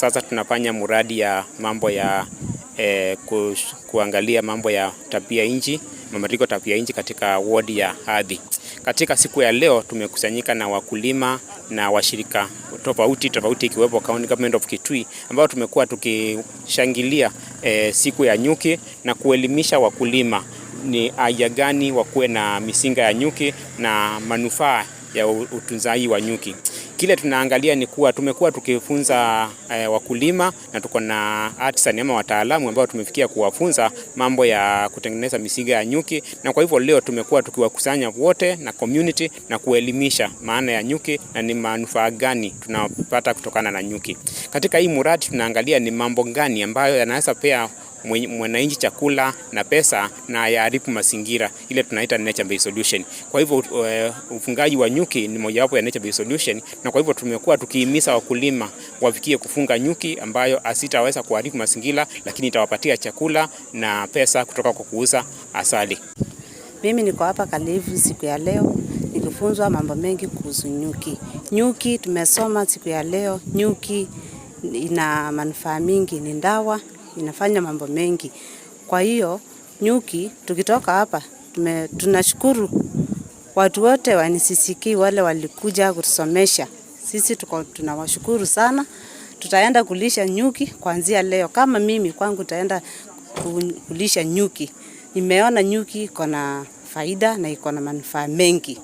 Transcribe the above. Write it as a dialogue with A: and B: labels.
A: Sasa tunafanya mradi ya mambo ya eh, kuangalia mambo ya tabia nchi, mabadiliko tabia nchi katika wodi ya ardhi. Katika siku ya leo tumekusanyika na wakulima na washirika tofauti tofauti ikiwepo County Government of Kitui ambao tumekuwa tukishangilia eh, siku ya nyuki na kuelimisha wakulima ni aya gani wakuwe na misinga ya nyuki na manufaa ya utunzaji wa nyuki. Kile tunaangalia ni kuwa tumekuwa tukifunza e, wakulima na tuko na artisan ama wataalamu ambao tumefikia kuwafunza mambo ya kutengeneza misiga ya nyuki, na kwa hivyo leo tumekuwa tukiwakusanya wote na community na kuelimisha maana ya nyuki na ni manufaa gani tunapata kutokana na nyuki. Katika hii muradi tunaangalia ni mambo gani ambayo yanaweza pea mwananchi chakula na pesa na yaharibu mazingira, ile tunaita nature based solution. Kwa hivyo uh, ufungaji wa nyuki ni mojawapo ya nature based solution, na kwa hivyo tumekuwa tukihimiza wakulima wafikie kufunga nyuki ambayo asitaweza kuharibu mazingira, lakini itawapatia chakula na pesa kutoka kwa kuuza asali.
B: Mimi niko hapa Kalivu siku ya leo nikifunzwa mambo mengi kuhusu nyuki. Nyuki tumesoma siku ya leo, nyuki ina manufaa mingi, ni ndawa inafanya mambo mengi. Kwa hiyo nyuki tukitoka hapa tume, tunashukuru watu wote wa NCCK wale walikuja kutusomesha sisi, tuko tunawashukuru sana. Tutaenda kulisha nyuki kuanzia leo. Kama mimi kwangu taenda kulisha nyuki, nimeona nyuki iko na faida na iko na manufaa mengi.